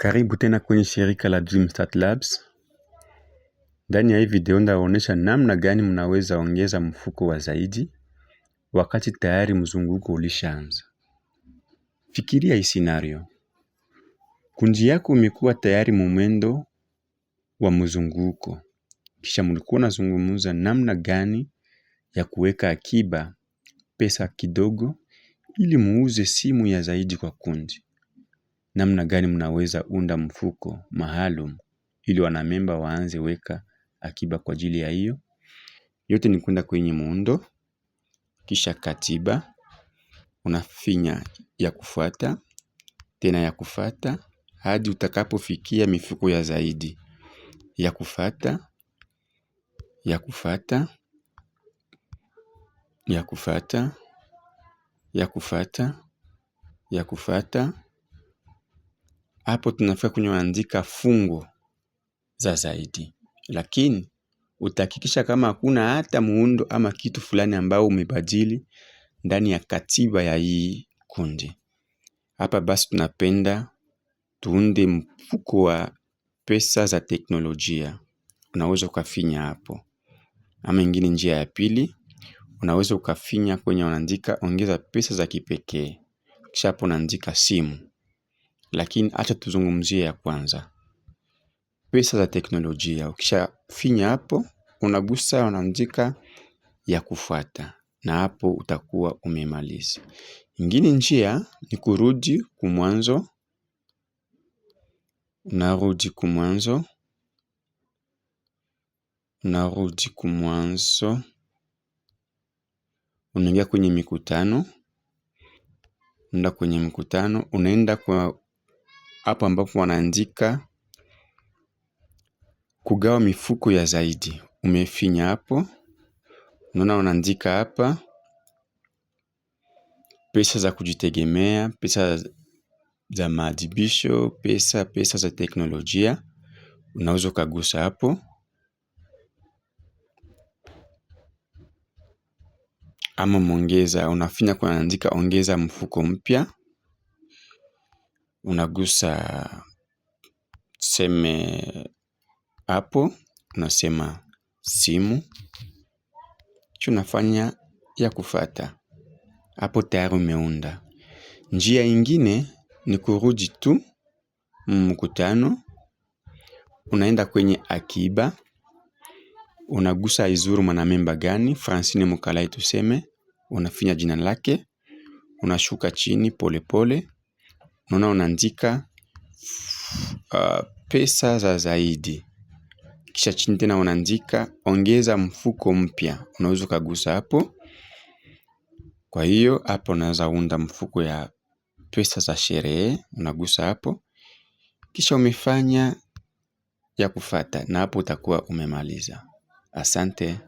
Karibu tena kwenye shirika la DreamStart Labs. Ndani ya hii video ndaonyesha namna gani mnaweza ongeza mfuko wa zaidi wakati tayari mzunguko ulishaanza. Fikiria hii scenario. Kunji yako imekuwa tayari mumendo wa mzunguko. Kisha mlikuwa nazungumza namna gani ya kuweka akiba pesa kidogo ili muuze simu ya zaidi kwa kundi namna gani mnaweza unda mfuko maalum ili wanamemba waanze weka akiba kwa ajili ya hiyo. Yote ni kwenda kwenye muundo, kisha katiba, unafinya ya kufuata, tena ya kufuata, hadi utakapofikia mifuko ya zaidi. Ya kufuata, ya kufuata, ya kufuata, ya kufuata, ya kufuata, hapo tunafika kwenye unaandika fungu za zaidi. Lakini utahakikisha kama hakuna hata muundo ama kitu fulani ambao umebadili ndani ya katiba ya hii kundi. Hapa basi tunapenda tuunde mfuko wa pesa za teknolojia. Unaweza ukafinya hapo. Ama ingine njia ya pili, unaweza ukafinya kwenye unaandika ongeza pesa za kipekee. Kisha hapo unaandika simu. Lakini acha tuzungumzie ya kwanza, pesa za teknolojia. Ukishafinya hapo, unagusa unaandika ya kufuata, na hapo utakuwa umemaliza. Ingine njia ni kurudi kumwanzo, unarudi kumwanzo, unarudi kumwanzo, unaingia kwenye mikutano, unaenda kwenye mkutano, unaenda kwa hapo ambapo wanaandika kugawa mifuko ya zaidi, umefinya hapo, unaona wanaandika hapa pesa za kujitegemea, pesa za maadhibisho, pesa pesa za teknolojia. Unaweza ukagusa hapo ama mwongeza, unafinya kuandika ongeza mfuko mpya unagusa seme hapo, unasema simu, kisha ya kufata. Hapo tayari umeunda. Njia ingine ni kurudi tu mkutano, unaenda kwenye akiba, unagusa izuru mwanamemba gani, Francine Mukalai tuseme, unafinya jina lake, unashuka chini polepole pole, Unaona unaandika uh, pesa za zaidi. Kisha chini tena unaandika ongeza mfuko mpya. Unaweza ukagusa hapo. Kwa hiyo hapo unaweza unda mfuko ya pesa za sherehe. Unagusa hapo. Kisha umefanya ya kufata na hapo utakuwa umemaliza. Asante.